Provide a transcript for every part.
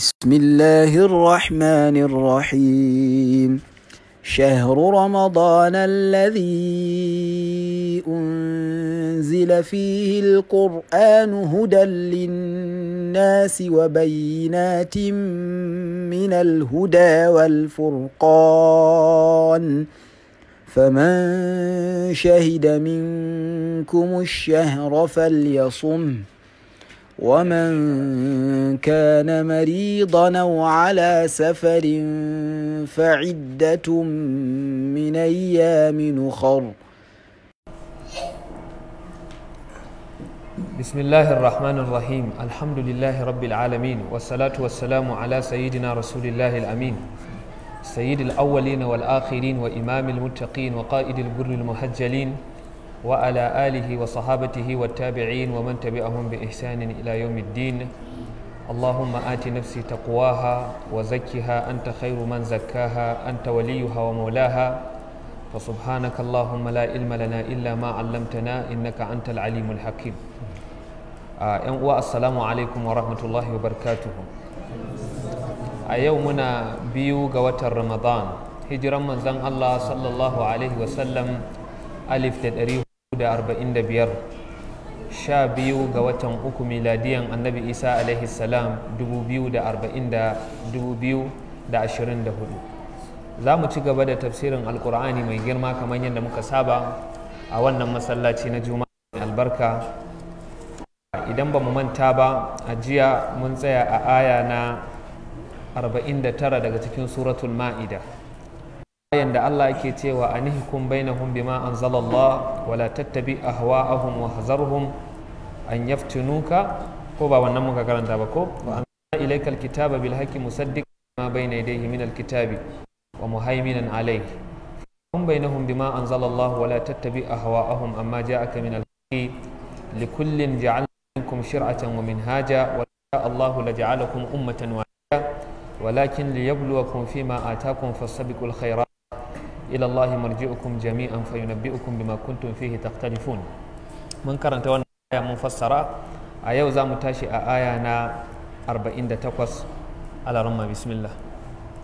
بسم الله الرحمن الرحيم شهر رمضان الذي انزل فيه القران هدى للناس وبينات من الهدى والفرقان فمن شهد منكم الشهر فليصمه ومن كان مريضا او على سفر فعده من ايام اخر بسم الله الرحمن الرحيم الحمد لله رب العالمين والصلاه والسلام على سيدنا رسول الله الامين سيد الاولين والاخرين وامام المتقين وقائد البر المهجلين وعلى آله وصحابته والتابعين ومن تبعهم بإحسان إلى يوم الدين اللهم آت نفسي تقواها وزكها أنت خير من زكاها أنت وليها ومولاها فسبحانك اللهم لا علم لنا إلا ما علمتنا إنك أنت العليم الحكيم آه السلام عليكم ورحمة الله وبركاته أيومنا بيو قوة رمضان hijiran manzon Allah sallallahu Alaihi wasallam alif da ɗari sha biyu ga watan uku miladiyan annabi isa alaihi salam 2024 za mu ci gaba da tafsirin alkur'ani mai girma kamar yadda muka saba a wannan masallaci na juma'a albarka idan ba mu manta ba a jiya mun tsaya a aya na 49 daga cikin suratul ma'ida yanda Allah yake cewa anihkum bainahum bima anzalallah wala tattabi ahwa'ahum wa hazarhum an yaftinuka ko ba wannan muka karanta ba ko wa anzalna ilaykal kitaba bil haqqi musaddiqan ma bayna yadayhi min al kitabi wa muhaiminan alayhi hum bainahum bima anzalallah wala tattabi ahwa'ahum amma ja'aka min al haqqi likullin ja'alna minkum shir'atan wa minhaja wa Allah laja'alakum ummatan wahida ولكن ليبلوكم فيما آتاكم فاستبقوا الخيرات ila Allah marji'ukum jami'an fa yunabbi'ukum bima kuntum fihi takhtalifun mun karanta wannan aya mun fassara a yau za mu tashi a aya na 48 alarumma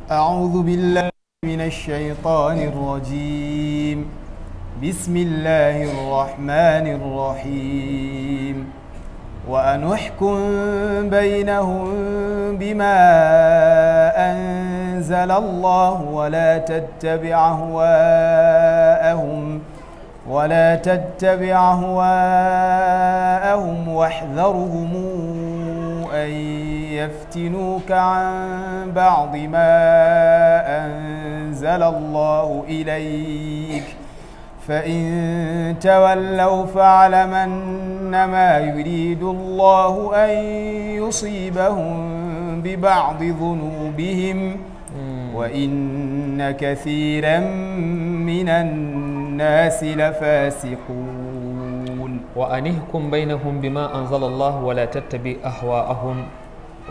أعوذ بالله من الشيطان الرجيم بسم الله الرحمن الرحيم وأن احكم بينهم بما أنزل الله ولا تتبع أهواءهم ولا تتبع أهواءهم واحذرهم أن يفتنوك عن بعض ما أنزل الله إليك ۖ فإن تولوا فاعلم أنما يريد الله أن يصيبهم ببعض ذنوبهم وإن كثيرا من الناس لفاسقون وأنهكم بينهم بما أنزل الله ولا تتبع أهواءهم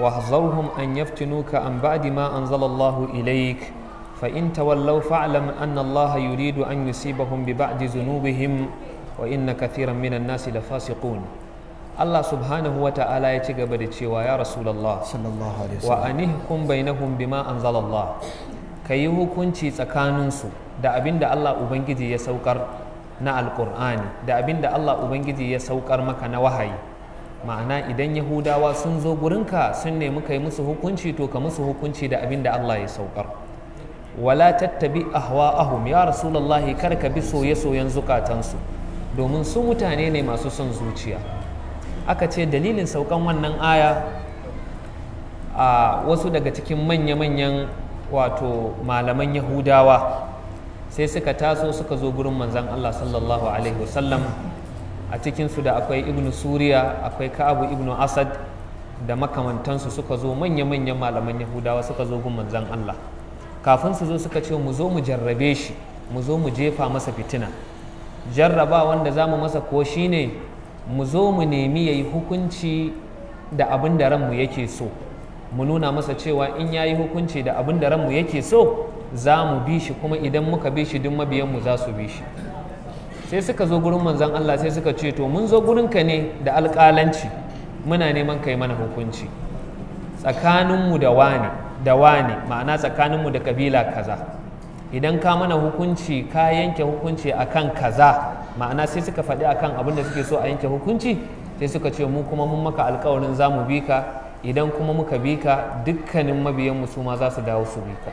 واحذرهم أن يفتنوك عن بعد ما أنزل الله إليك فإن تولوا فاعلم أن الله يريد أن يصيبهم ببعض ذنوبهم وإن كثيرا من الناس لفاسقون الله سبحانه وتعالى يتقبل التشيوى يا رسول الله صلى الله عليه وسلم وأنهكم بينهم بما أنزل الله كي hukunci tsakaninsu da abin da Allah Ubangiji ya saukar na alkur'ani da abinda da Allah Ubangiji ya saukar maka na wahayi ma'ana idan yahudawa sun zo gurinka sun nemi kai musu hukunci to ka musu hukunci da abin da Allah ya saukar wala tattabi ahwa'ahum ya rasulullahi kar ka bi soye-soyen zukatansu domin su mutane ne masu son zuciya aka ce dalilin saukan wannan aya a wasu daga cikin manya-manyan wato malaman yahudawa sai suka taso suka zo gurin manzan Allah sallallahu alaihi wasallam a cikinsu da akwai ibnu suriya akwai ka'abu ibnu asad da makamantansu suka zo manya-manyan malaman yahudawa suka zo gurin manzan Allah kafin su zo suka ce mu zo mu jarrabe shi mu zo mu jefa masa fitina jarraba wanda za mu masa ko shine mu zo mu nemi ya yi hukunci da abin da ranmu yake so mu nuna masa cewa in ya yi hukunci da abin da ranmu yake so za mu bi shi kuma idan muka bi shi duk mabiyanmu za su bi shi sai suka zo gurin manzan Allah sai suka ce to mun zo gurinka ne da alƙalanci muna neman kai mana hukunci tsakaninmu da wani da wane ma'ana tsakaninmu da kabila kaza idan ka mana hukunci ka yanke hukunci akan kaza ma'ana sai suka faɗi akan abin da suke so a yanke hukunci sai suka ce mu kuma mun maka alkawarin za mu bi ka idan kuma muka bi ka dukkanin mabiyanmu su ma za su dawo su bi ka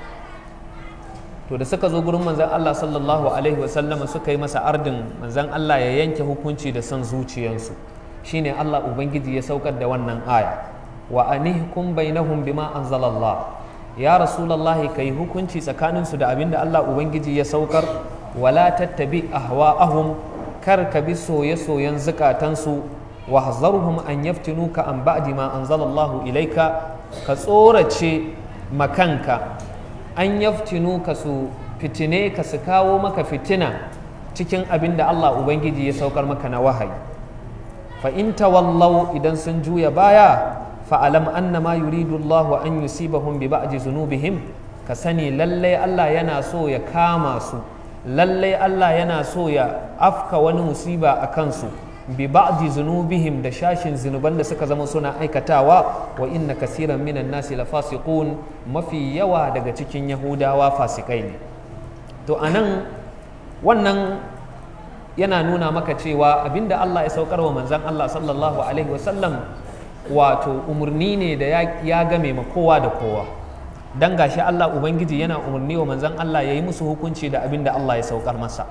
to da suka zo gurin manzon Allah sallallahu alaihi wa sallama suka yi masa ardin manzon Allah ya yanke hukunci da son zuciyansu shine Allah ubangiji ya saukar da wannan aya wa anihkum bainahum bima anzalallah ya rasulullahi kayi hukunci tsakanin su da abinda Allah ubangiji ya saukar wala tattabi ahwa'ahum kar ka bi soye-soyen zukatansu wa hazarhum an ka an ba'di ma anzalallahu ilaika ka tsorace makanka an ka su fitine ka su kawo maka fitina cikin abinda Allah Ubangiji ya saukar maka na wahayi fa in idan sun juya baya fa'alam annama yuridu Allah an yusibahum bi ba'di zunubihim ka sani lallai Allah yana so ya kama su lallai Allah yana so ya afka wani musiba a kansu bi ba'di zunubihim da sashin zinuban da suka zama suna aikatawa wa inna kasiran minan nasi la mafi yawa daga cikin yahudawa fasikai ne to anan wannan yana nuna maka cewa abin da Allah ya saukar wa manzon Allah sallallahu alaihi wasallam wato umarni ne da ya game ma kowa da kowa dan gashi Allah ubangiji yana umarni wa manzan Allah ya yi musu hukunci da abin da Allah ya saukar masa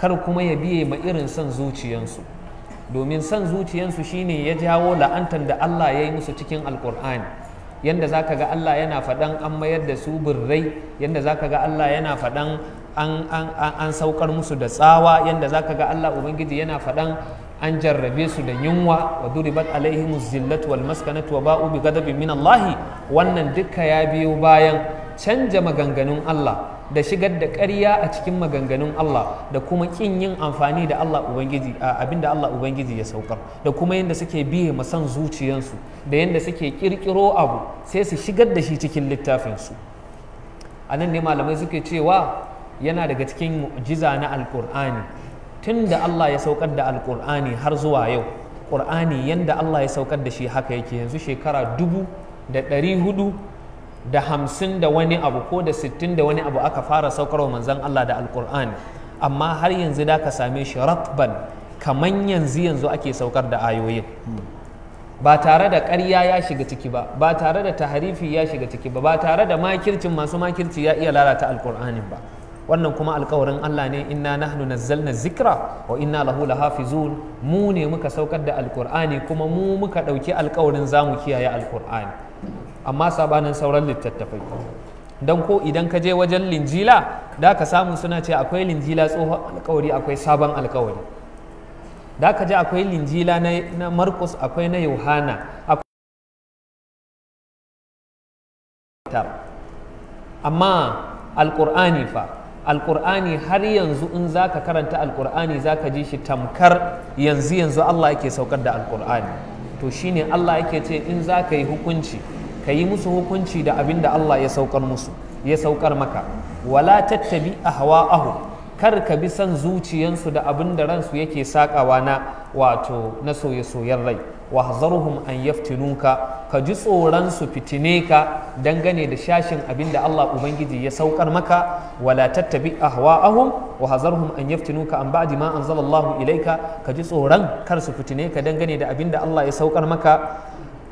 kar kuma ya biye ma irin son zuciyansu domin son zuciyansu shine ya jawo la'antar da Allah ya yi musu cikin alkur'ani Yadda za ka ga Allah yana faɗan an mayar da su birrai yanda za ka ga Allah yana faɗan an, saukar musu da tsawa yanda za ka ga Allah Ubangiji yana faɗan an jarrabe su da yunwa wa duribat alaihim zillatu wal maskanatu wa ba'u bi ghadabin min Allah wannan duka ya biyo bayan canja maganganun Allah da shigar da ƙarya a cikin maganganun Allah da kuma ƙin yin amfani da Allah Ubangiji abinda Allah Ubangiji ya saukar da kuma yadda suke biye masan zuciyansu da yadda suke ƙirƙiro abu sai su shigar da shi cikin littafinsu a nan ne malamai suke cewa yana daga cikin mu'jiza na alƙur'ani tun da Allah ya saukar da alƙur'ani har zuwa yau ƙur'ani yadda Allah ya saukar da shi haka yake yanzu shekara dubu da ɗari hudu da hamsin da wani abu ko da sittin da wani abu aka fara saukar saukarwa manzan Allah da alƙur'ani amma har yanzu da ka same shi ratban kaman yanzu yanzu ake saukar da ayoyin ba tare da ƙarya ya shiga ciki ba ba tare da taharifi ya shiga ciki ba ba tare da makircin masu makirci ya iya lalata alƙur'anin ba wannan kuma alkawarin Allah ne inna nahnu nazzalna zikra wa inna lahu lahafizun mu ne muka saukar da alkur'ani kuma mu muka ɗauki alkawarin zamu kiyaye alkur'ani amma sabanin sauran littattafai don ko idan ka je wajen linjila da ka samu suna ce akwai linjila tsohon alkawari akwai sabon alkawari da ka je akwai linjila na markus akwai na yohana amma alkur'ani fa alƙur'ani har yanzu in za ka karanta alƙur'ani za ka ji shi tamkar yanzu yanzu Allah yake saukar da alƙur'ani to shine Allah yake ce in za ka yi hukunci ka yi musu hukunci da abin da Allah ya saukar musu ya saukar maka wala tattabi ahwa'ahu kar ka bi son zuciyansu da abin da ransu yake saƙawa na wato na soye-soyen rai wahzarhum an yaftinunka ka ji tsoron su fitine ka dangane da shashin abin da Allah ubangiji ya saukar maka wala tattabi ahwa'ahum wahzarhum an yaftinunka an ba'di ma anzalallahu ilaika ka ji tsoron kar su fitine ka dangane da abin da Allah ya saukar maka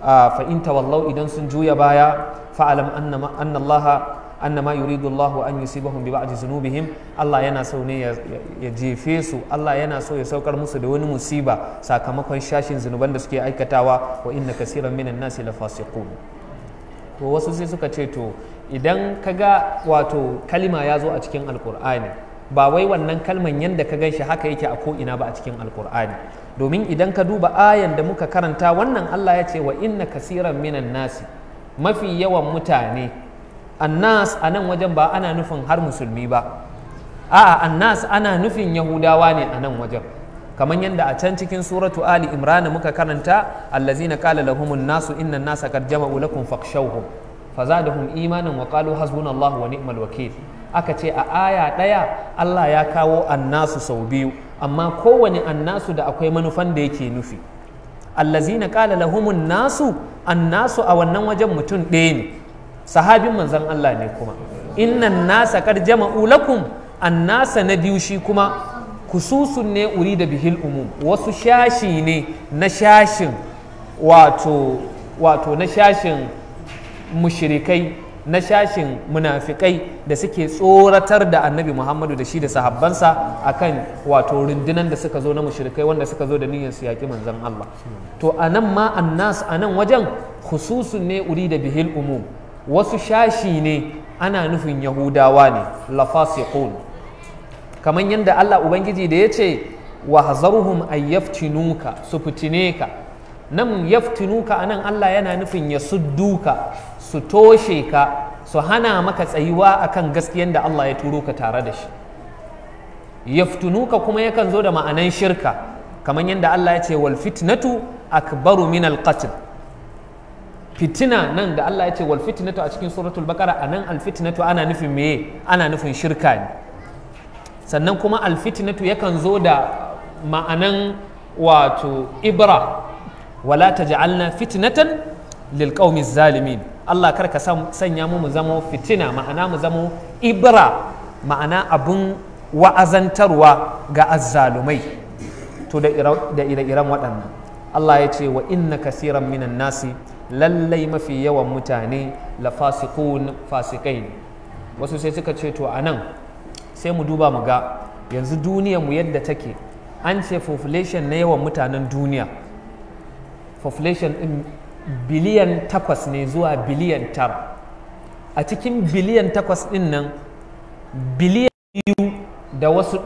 ah, fa in tawallau idan sun juya baya fa'alam anna annama yuridu Allahu an yusibahum bi ba'di zunubihim Allah yana so ne ya jefe su Allah yana so ya saukar musu da wani musiba sakamakon shashin zunuban da suke aikatawa wa inna kaseeran minan nasi lafasiqun to wasu sai suka ce to idan kaga wato kalima ya zo a cikin alkur'ani ba wai wannan kalman yadda ka ganshi haka yake a ko'ina ba a cikin alkur'ani domin idan ka duba ayan da muka karanta wannan allah ya ce wa inna kasiran minan nasi mafi yawan mutane annas a nan wajen ba ana nufin har musulmi ba a'a annas ana nufin yahudawa ne a nan wajen kamar yadda a can cikin suratu ali imrana muka karanta Allazi allazina qala lahumun nasu inna nasa qad jama'u lakum fakhshawhum fazadahum imanan wa qalu hasbunallahu wa ni'mal wakil aka ce a aya ɗaya Allah ya kawo annasu sau biyu amma kowane annasu da akwai manufan da yake nufi allazina qala lahumun nasu annasu a wannan wajen mutum ɗaya ne sahabin manzan Allah ne kuma innan nasa kar jama'u lakum an nasa na biyu shi kuma kususun ne uri da bihil umum wasu shashi ne na shashin wato wato na shashin mushirikai na shashin munafikai da suke tsoratar da annabi muhammadu da shi da sahabbansa akan wato rundunan da suka zo na mushrikai wanda suka zo da niyyar su yaƙi Allah to nan ma annas anan wajen khususun ne uri da bihil umum wasu shashi ne ana nufin yahudawa ne lafasikun. kamar yadda Allah ubangiji da ya ce wa a ayyaftinuka su fitine ka nan yaftinuka anan Allah yana nufin ya sudduka su toshe ka su hana maka tsayuwa akan gaskiyan da Allah ya turo ka tare da shi Yaftinuka kuma yakan zo da ma'anan shirka kamar yadda Allah ya ce wal fitnatu akbaru min al qatl fitina nan da Allah ya ce wal fitnatu a cikin suratul baqara anan al fitnatu ana nufin meye ana nufin shirka ne sannan kuma al fitnatu yakan zo da ma'anan wato ibra wala taj'alna fitnatan lil qaumi zalimin Allah kar ka sanya mu mu zama fitina ma'ana mu zama ibra ma'ana abun wa'azantarwa ga azzalumai to da ire-iren waɗannan Allah ya ce wa inna kasiran minan nasi lallai mafi yawan mutane la fasikun fasikai wasu sai suka ce to anan sai mu duba mu ga yanzu duniyar mu yadda take an ce population na yawan mutanen duniya population din biliyan takwas ne zuwa biliyan tara a cikin biliyan takwas din nan biliyan biyu da wasu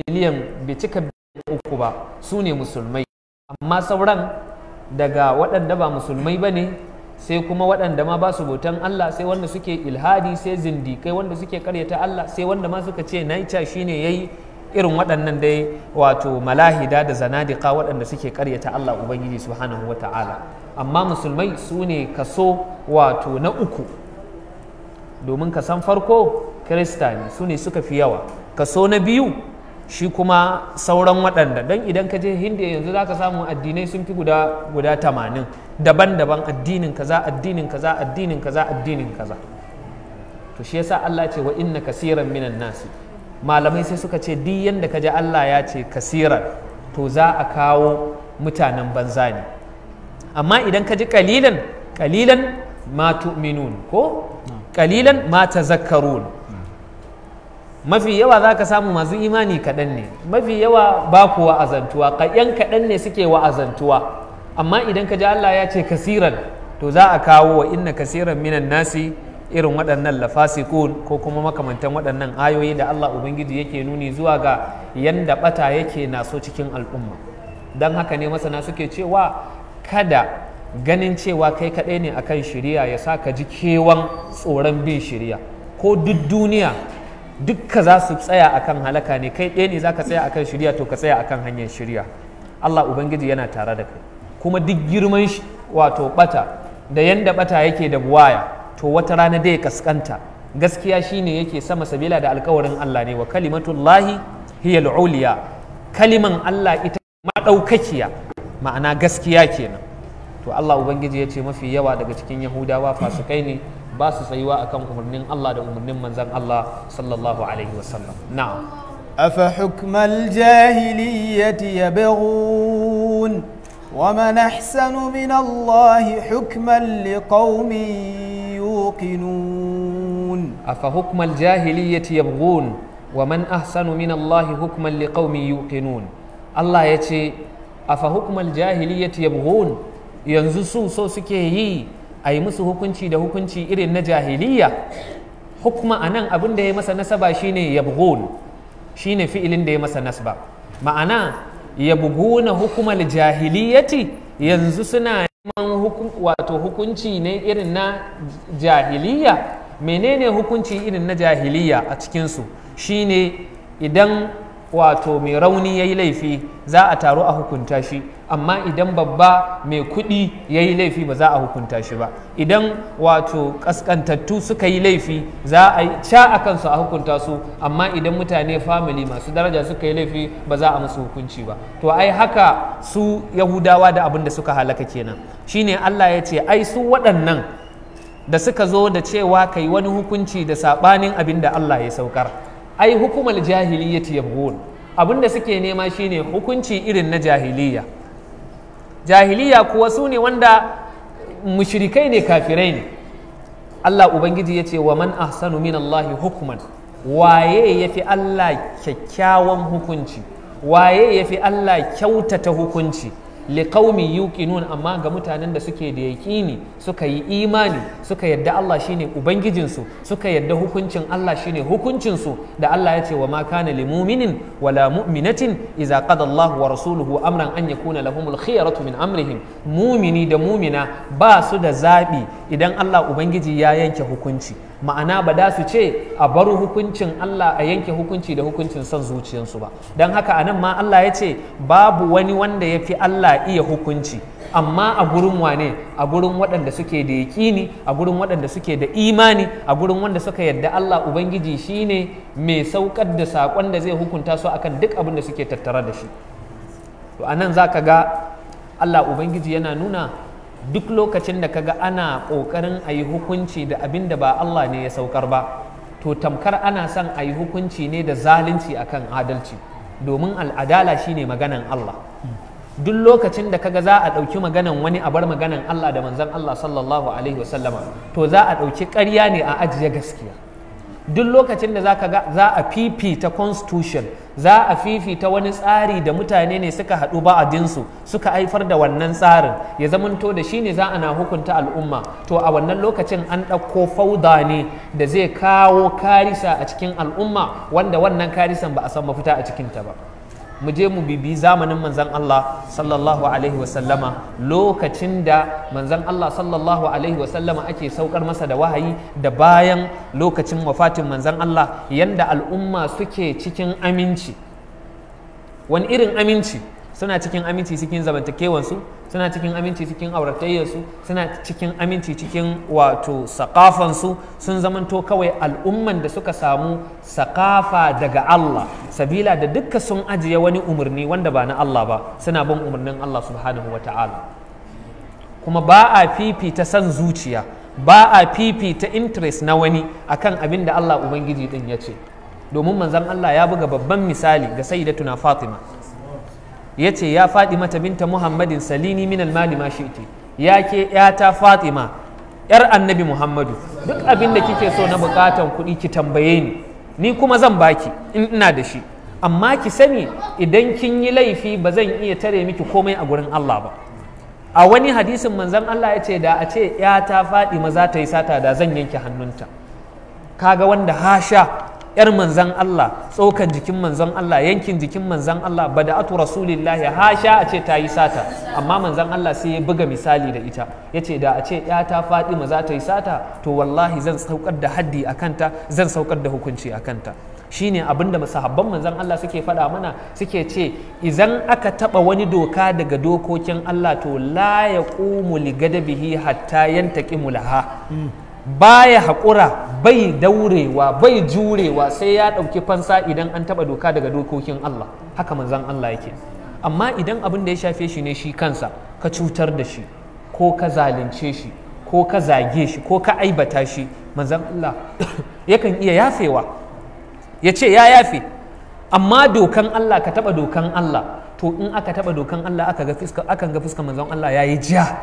miliyan bai cika biliyan uku ba su ne musulmai amma sauran daga waɗanda ba musulmai ba ne sai kuma waɗanda ma ba su bautan Allah sai wanda suke ilhadi sai zindikai wanda suke karyata Allah sai wanda ma suka ce naica shine yayi irin waɗannan dai wato malahida da zanadika waɗanda suke karyata Allah ubangiji subhanahu wata'ala amma musulmai su ne kaso wato na uku domin ka san farko kirista ne su ne suka fi yawa kaso na biyu shi kuma sauran waɗanda don idan ka je hindiya yanzu za ka samu addinai sun fi guda guda tamanin daban-daban addinin kaza addinin kaza addinin kaza addinin kaza to shi yasa Allah ce wa inna kasiran minan nasi malamai sai suka ce duk yanda ka ji Allah ya ce kasiran to za a kawo mutanen banza ne amma idan ka ji kalilan kalilan ma tu'minun ko kalilan ma tazakkarun mafi yawa za ka samu masu imani kaɗan ne mafi yawa ba ku wa'azantuwa ƙayyan kaɗan ne suke wa'azantuwa amma idan ka ji Allah ya ce kasiran to za a kawo wa inna kasiran minan nasi irin waɗannan lafasikun ko kuma makamantan waɗannan ayoyi da Allah Ubangiji yake nuni zuwa ga yanda ɓata yake naso cikin al'umma don haka ne masana suke cewa kada ganin cewa kai kaɗai ne akan shiriya ya sa ka ji kewan tsoron bin shiriya ko duk duniya dukka za su tsaya akan halaka ne kai ɗaya ne za ka tsaya kan shirya to ka tsaya akan hanyar shirya Allah Ubangiji yana tare da kai kuma duk girman wato bata da yanda bata yake da buwaya to wata rana dai kaskanta gaskiya shine yake sama sabila da alkawarin Allah ne wa kalimatullahi hiya al-uliya kaliman Allah ita maɗaukakiya ma'ana gaskiya kenan to Allah ubangiji ya ce mafi yawa daga cikin Yahudawa fasikai ne ba su tsayuwa akan umarnin Allah da umarnin manzan Allah sallallahu alaihi wasallam na'am afa hukmal jahiliyyati yabghun wa man ahsanu min Allah hukman liqaumin yuqinun afa hukmal jahiliyyati yabghun wa man ahsanu min Allah hukman liqaumin yuqinun Allah yace afa hukmal jahiliyyati yabghun yanzu su so suke yi a yi musu hukunci da hukunci irin na jahiliya hukuma a nan abin da ya masa nasaba shine yabghun shine fi'ilin da ya masa nasaba ma'ana ya hukumar hukumal jahiliyati yanzu suna neman wato hukunci ne irin na jahiliya menene hukunci irin na jahiliya a cikinsu shine idan wato mai rauni ya yi laifi za a taru a hukunta shi amma idan babba mai kuɗi ya yi laifi ba za a hukunta shi ba idan wato ƙasƙantattu suka yi laifi za a yi a kansu a hukunta su amma idan mutane famili masu daraja suka yi laifi ba za a musu hukunci ba to ai haka su yahudawa da abin da suka halaka kenan shine allah ya ce ai su waɗannan da suka zo da cewa kai wani hukunci da saɓanin abin da allah ya saukar ai hukumar jahiliyyati abin abinda suke nema shine hukunci irin na jahiliya jahiliya kuwa su ne wanda mushrikai ne kafirai ne Allah ubangiji ya ce wa man ahsanu min Allah hukuman waye ya fi Allah kyakkyawan hukunci waye ya fi Allah kyautata hukunci liqaumi yuqinun amma ga mutanen da suke da yaƙini suka yi imani suka yadda Allah shine ubangijinsu suka yadda hukuncin Allah shine hukuncinsu da Allah ya ce wa ma kana lil mu'minin wala mu'minatin idza qada Allah wa rasuluhu amran an yakuna lahumul khiyaratu min amrihim mumini da mumina ba su da zaɓi idan Allah ubangiji ya yanke hukunci ma'ana ba da su ce a bar hukuncin Allah a yanke hukunci da hukuncin son zuciyarsu ba don haka a nan ma Allah ya ce babu wani wanda ya fi Allah iya hukunci amma a gurin wane a gurin waɗanda suke da yaƙini a gurin waɗanda suke da imani a gurin wanda suka yadda Allah Ubangiji shi ne mai saukar da saƙon da zai hukunta su akan duk abin da suke tattara da shi to anan nan za ka ga Allah Ubangiji yana nuna duk lokacin da kaga ana ƙoƙarin a yi hukunci da abin da ba Allah ne ya saukar ba to tamkar ana son a yi hukunci ne da zalunci akan adalci domin al'adala shine maganan Allah duk lokacin da kaga za a ɗauki maganan wani a bar maganan Allah da manzon Allah sallallahu alaihi wasallama to za a ɗauki karya ne a ajiye gaskiya duk lokacin da zaka ga za a fifita constitution za a fifita wani tsari da mutane ne suka haɗu ba'adinsu suka haifar da wannan tsarin ya zamanto da shi ne za a na hukunta al'umma to a wannan lokacin an ɗauko fauda ne da zai kawo karisa a cikin al'umma wanda wannan karisan ba a san mafita a cikinta ba mu je mu bibi zamanin manzan Allah sallallahu alaihi wasallama lokacin da manzan Allah sallallahu alaihi wasallama ake saukar masa da wahayi da bayan lokacin wafatin manzan Allah yanda al'umma suke cikin aminci wani irin aminci suna cikin aminci cikin zamantakewansu suna cikin aminci cikin auratayyarsu suna cikin aminci cikin wato sakafansu sun zamanto kawai al'umman da suka samu sakafa daga Allah sabila da dukka sun ajiye wani umarni wanda ba na Allah ba suna bin umarnin Allah subhanahu wa ta'ala kuma ba a fifita san zuciya ba a fifita interest na wani akan abin da Allah Ubangiji din ya ce domin manzon Allah ya buga babban misali ga sayyidatuna Fatima ya ce ya faɗi mata binta muhammadin salini min almali ma shi'ti ya ke ta fatima yar annabi muhammadu duk abin da kike so na bukatan kuɗi ki tambaye ni ni kuma zan baki in ina da shi amma ki sani idan kin yi laifi ba zan iya tare miki komai a gurin Allah ba a wani hadisin manzon Allah ya ce da a ce ya ta faɗi maza ta yi sata da zan yanke hannunta kaga wanda hasha yar manzan Allah tsokan jikin manzan Allah yankin jikin manzan Allah bada'atu rasulillahi hasha a ce ta yi sata amma manzan Allah sai ya buga misali da ita yace da a ce ya ta ma za ta yi sata to wallahi zan saukar da haddi a kanta zan saukar da hukunci a kanta shine abinda da sahabban manzan Allah suke faɗa mana suke ce idan aka taɓa wani doka daga dokokin Allah to la yaqumu li gadabihi hatta yantaqi mulaha baya haƙura bai daurewa bai jurewa sai ya ɗauki fansa idan an taɓa doka daga dokokin Allah haka manzan Allah yake amma idan abin da ya shafe shi ne shi kansa ka cutar da shi ko ka zalunce shi ko ka zage shi ko ka aibata shi manzan Allah yakan iya yafewa ya ce ya yafe amma dokan Allah ka taɓa dokan Allah to in aka taɓa dokan Allah aka ga fuska akan ga fuska manzon Allah yi ja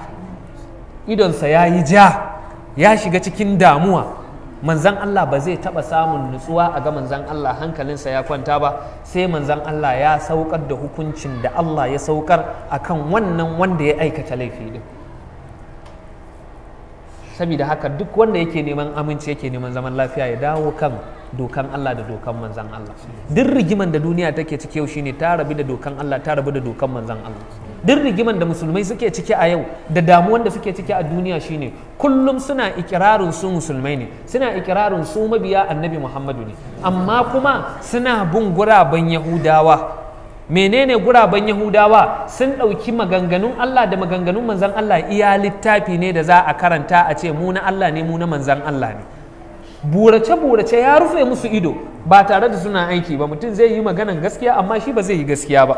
idonsa ya yi ja ya shiga cikin damuwa manzan Allah ba zai taɓa samun nutsuwa a ga manzan Allah hankalinsa ya kwanta ba sai manzan Allah ya saukar da hukuncin da Allah ya saukar a kan wannan wanda ya aikata laifi din saboda haka duk wanda yake neman aminci yake neman zaman lafiya ya dawo kan dokan Allah da dokan manzan Allah duk rigiman da duniya take ciki yau shine ta rabu da dokan Allah ta rabu da dokan manzan Allah duk rigiman da musulmai suke ciki a yau da damuwan da suke ciki a duniya shine kullum suna ikirarin su musulmai ne suna ikirarin su mabiya annabi muhammadu ne amma kuma suna bin guraben yahudawa menene guraben yahudawa sun ɗauki maganganun allah da maganganun manzan allah iya littafi ne da za a karanta a ce mu na allah ne mu na manzan allah ne burace-burace ya rufe musu ido ba tare da suna aiki ba mutum zai yi maganan gaskiya amma shi ba zai yi gaskiya ba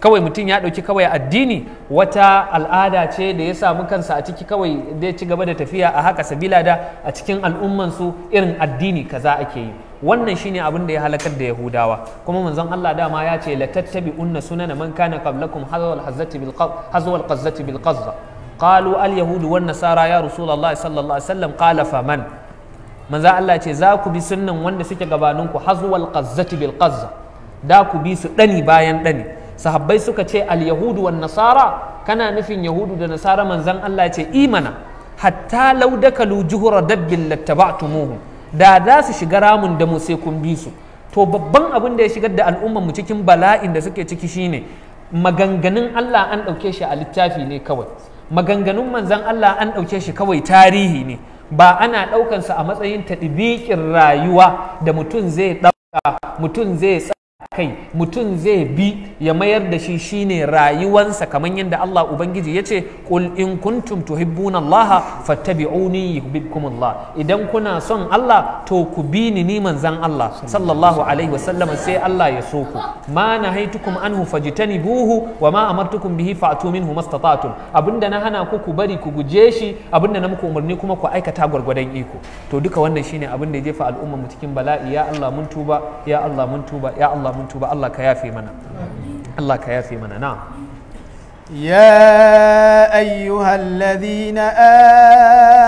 kawai mutum ya ɗauki kawai addini wata al'ada ce da ya samu kansa a ciki kawai da ci gaba da tafiya a haka sabila da a cikin al'ummansu irin addini kaza ake yi wannan shine abin da ya halakar da yahudawa kuma manzon Allah dama ya ce la tattabi unna sunana man kana qablakum hazwal hazzati bil hazwal qazzati bil qazza qalu al yahudu wan nasara ya rasulullah sallallahu alaihi wasallam qala man. manzo Allah ce za ku bi sunnan wanda suke gabaninku hazwal qazzati bil qazza da ku bi su dani bayan dani sahabbai suka ce al yahudu wan nasara kana nufin yahudu da nasara manzan Allah ce imana hatta law dakalu juhura dabbin lattaba'tumuhum da za su shiga ramun da mu sai kun bi su to babban abin da ya shigar da al'ummar mu cikin bala'in da suke ciki shine maganganun Allah an ɗauke shi a littafi ne kawai maganganun manzan Allah an ɗauke shi kawai tarihi ne ba ana sa a matsayin taɗibiƙin rayuwa da mutum zai dauka mutum zai kai mutum zai bi ya mayar da shi shine rayuwansa kamar yadda Allah ubangiji ya ce qul in kuntum tuhibbuna Allah fattabi'uni yuhibbukum Allah idan kuna son Allah to ku bi ni ni manzan Allah sallallahu alaihi wasallam sai Allah ya so ku ma nahaitukum anhu fajtanibuhu wa ma amartukum bihi fa'tu minhu mastata'tum abinda na hana ku ku bari ku guje shi abinda na muku umarni kuma ku aikata gwargwadon iko to duka wannan shine abinda ya jefa al'umma mu cikin bala'i ya Allah mun tuba ya Allah mun tuba ya Allah mun mun tuba Allah ka yafe mana Allah ka يا أيها الذين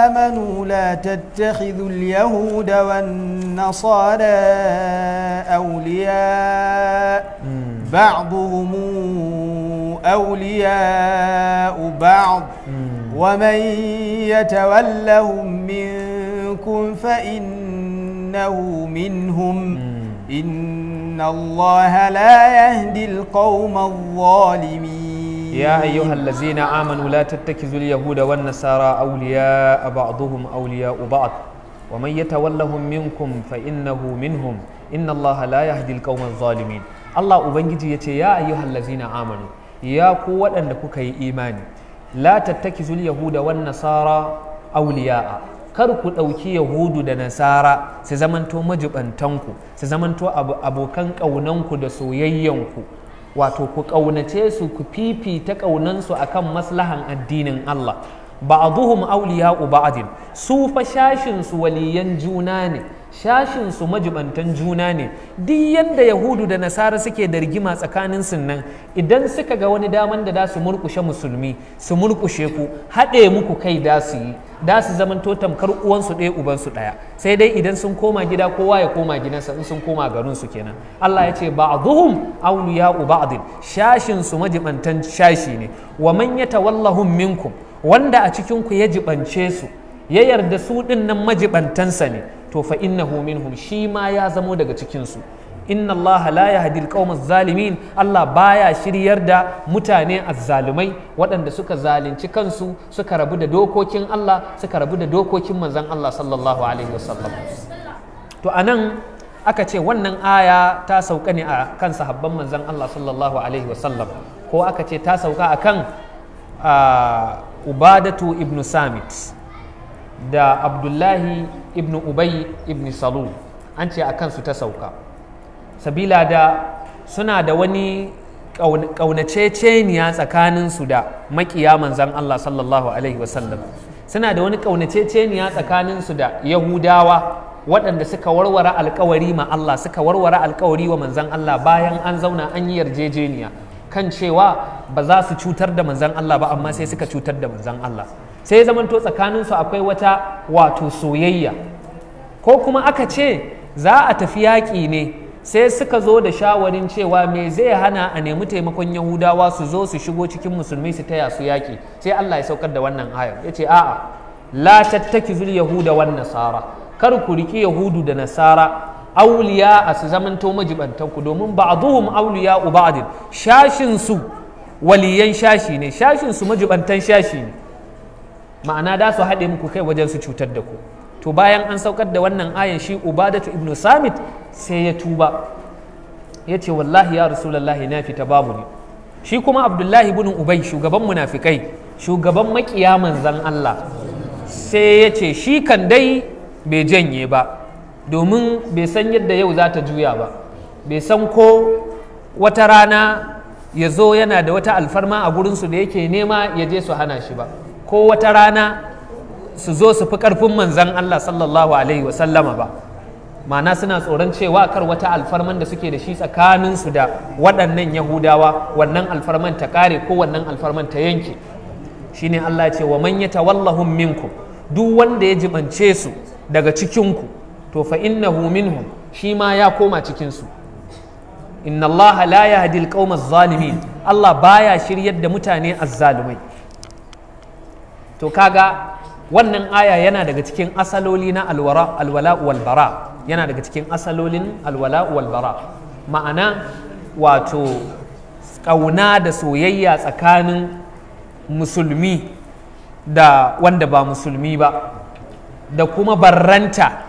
آمنوا لا تتخذوا اليهود والنصارى أولياء بعضهم أولياء بعض ومن يتولهم منكم فإنه منهم إن إن الله لا يهدي القوم الظالمين يا أيها الذين آمنوا لا تتخذوا اليهود والنصارى أولياء بعضهم أولياء بعض ومن يتولهم منكم فإنه منهم إن الله لا يهدي القوم الظالمين الله أبنجي يا أيها الذين آمنوا يا قوة أنكم كي إيماني لا تتخذوا اليهود والنصارى أولياء kar ku ɗauki yahudu da nasara su zamanto majibantanku su zamanto abokan ƙaunanku da soyayyanku wato ku ƙaunace su ku fifita ƙaunansu akan maslahan addinin Allah ba'dhum awliya'u ba'din su fa shashin su waliyan juna ne shashin su majibantan juna ne duk yadda yahudu da nasara suke da rigima tsakanin su nan idan suka ga wani daman da su murkushe musulmi su murkushe ku haɗe muku kai da su yi da su zaman to tamkar uwansu ɗaya ubansu ɗaya sai dai idan sun koma gida kowa ya koma gidansa in sun koma garin su kenan Allah ya ce ba'dhum awliya'u ba'd shashin su majibantan shashi ne wa man yatawallahum minkum wanda a cikin ku ya jibance su ya yarda su ɗin nan majibantansa ne to fa innahu minhum shi ma ya zamo daga cikinsu inna Allah la yahdi al zalimin Allah baya shiryar da mutane azzalumai waɗanda suka zalunci kansu suka rabu da dokokin Allah suka rabu da dokokin manzon Allah sallallahu alaihi wasallam to anan aka ce wannan aya ta sauka ne a kan sahabban manzon Allah sallallahu alaihi wasallam ko aka ce ta sauka akan uh, Ubadatu ibnu Samit da abdullahi ibn ubay ibn salul an ce a kansu ta sauka sabila da suna da wani ƙaunaceceniya tsakaninsu da makiya manzan Allah sallallahu alaihi wasallam suna da wani ƙaunaceceniya tsakaninsu da yahudawa waɗanda suka warware alkawari ma Allah suka warware alkawari wa manzan Allah bayan an zauna an yi yarjejeniya kan cewa ba za su cutar da manzan Allah ba amma sai suka cutar da manzan Allah sai zamanto su akwai wata wato soyayya ko kuma aka ce za a tafi yaƙi ne sai suka zo da shawarin cewa me zai hana a nemi taimakon yahudawa su zo su shigo cikin musulmi su taya su yaƙi sai allah ya saukar da wannan ayar ya ce a'a la zul yahuda wan nasara kar ku riƙi yahudu da nasara auliya a su zamanto ku domin ba'duhum auliya u ba'din shashin su waliyan shashi ne shashin su majibantan shashi ne ma'ana da su haɗe muku kai wajen su cutar da ku to bayan an saukar da wannan ayan shi ubadatu ibnu samit sai ya tuba ya ce wallahi ya rasulallahi na fita babu ne shi kuma abdullahi ibn ubai shugaban munafikai shugaban makiya manzan allah sai ya ce shi kan dai bai janye ba domin bai san yadda yau za ta juya ba bai san ko wata rana ya zo yana da wata alfarma a gurinsu da yake nema ya je su hana shi ba ko wata rana su zo su fi ƙarfin manzan Allah sallallahu alaihi wasallama ba ma'ana suna tsoron cewa kar wata alfarman da suke da shi tsakaninsu da waɗannan yahudawa wannan alfarman ta ƙare ko wannan alfarman ta yanke shine Allah ce wa manya yatawallahum minkum duk wanda ya jibance su daga cikinku to fa innahu minhum shi ma ya koma cikinsu inna Allah la yahdi alqawma zalimin Allah baya shiryar da mutane azzalumai to kaga wannan aya yana daga cikin asaloli na alwala alwala wal yana daga cikin asalolin alwala wal ma'ana wato kauna da soyayya tsakanin musulmi da wanda ba musulmi ba da kuma barranta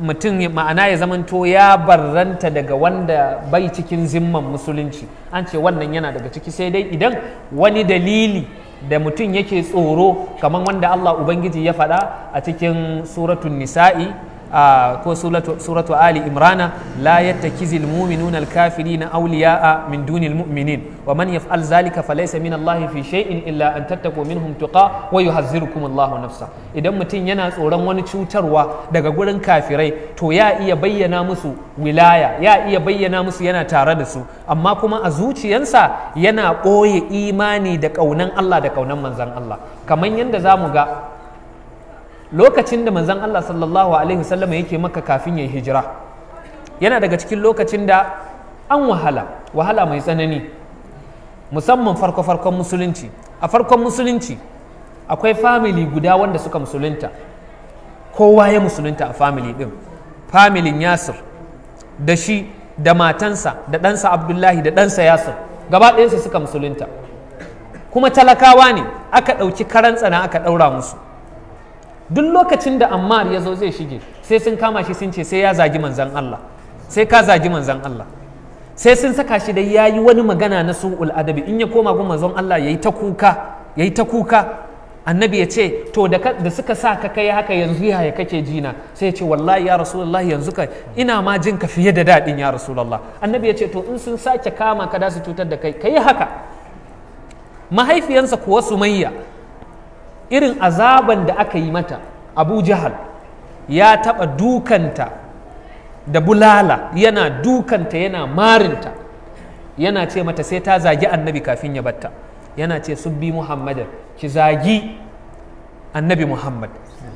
mutum ma'ana ya zamanto ya barranta daga wanda bai cikin zimman musulunci an ce wannan yana daga ciki sai dai idan wani dalili da mutum yake tsoro kamar wanda Allah Ubangiji ya faɗa a cikin suratun nisa'i ko suratu ali imrana la yattakizil mu'minuna na auliya awliya'a min dunil wa man yaf'al zalika falaysa min Allah fi shay'in illa an tattaqu minhum tuqa wa yuhazzirukum Allah nafsa idan mutum yana tsoron wani cutarwa daga gurin kafirai to ya iya bayyana musu wilaya ya iya bayyana musu yana tare da su amma kuma a zuciyansa yana ɓoye imani da ƙaunan Allah da ƙaunan manzon Allah kamar yadda za mu ga lokacin da manzon Allah sallallahu alaihi wasallam yake maka kafin yayi hijira yana daga cikin lokacin da an wahala wahala mai tsanani musamman farko farkon musulunci a farkon musulunci akwai famili guda wanda suka musulunta kowa ya musulunta a famili din familin Yasir da shi da matansa da ɗansa Abdullahi da ɗansa Yasir gaba ɗayansu suka musulunta kuma talakawa ne aka ɗauki karan tsana aka ɗaura musu duk lokacin da ammar ya zo zai shige sai sun kama shi sun ce sai ya zagi manzan Allah sai ka zagi manzan Allah sai sun saka shi da ya yi wani magana na su'ul adabi in ya koma gun manzon Allah ya yi ta kuka ya yi ta kuka annabi ya ce to da suka sa ka kai haka yanzu ya kake jina sai ya ce wallahi ya rasulullahi yanzu ka ina ma jin ka fiye da daɗin ya rasulullah annabi ya ce to in sun sake kama ka da su cutar da kai ka yi haka mahaifiyansa kuwa sumayya irin azaban da aka yi mata abu jahal ya taɓa dukanta da bulala yana dukanta yana marinta yana ce mata sai ta zagi annabi kafin ya batta yana ce bi muhammadin ki zagi annabi muhammad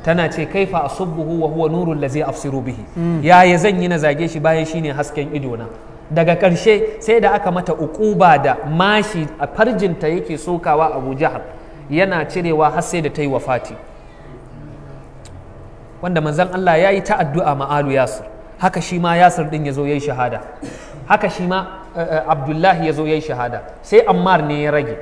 tana ce kaifa buhu wa huwa nurun lazi afsiru bihi mm. yaya zan yi na zage shi bayan shine hasken idona daga ƙarshe sai da aka mata ukuba da mashi a farjinta yake sokawa abu jahal yana cirewa har sai da ta yi wafati wanda manzan Allah ya yi ta'addu'a addu'a ma'alu yasir haka shi ma yasir din ya zo ya yi shahada haka shi ma eh, eh, abdullahi ya zo ya yi shahada sai ammar ne ya rage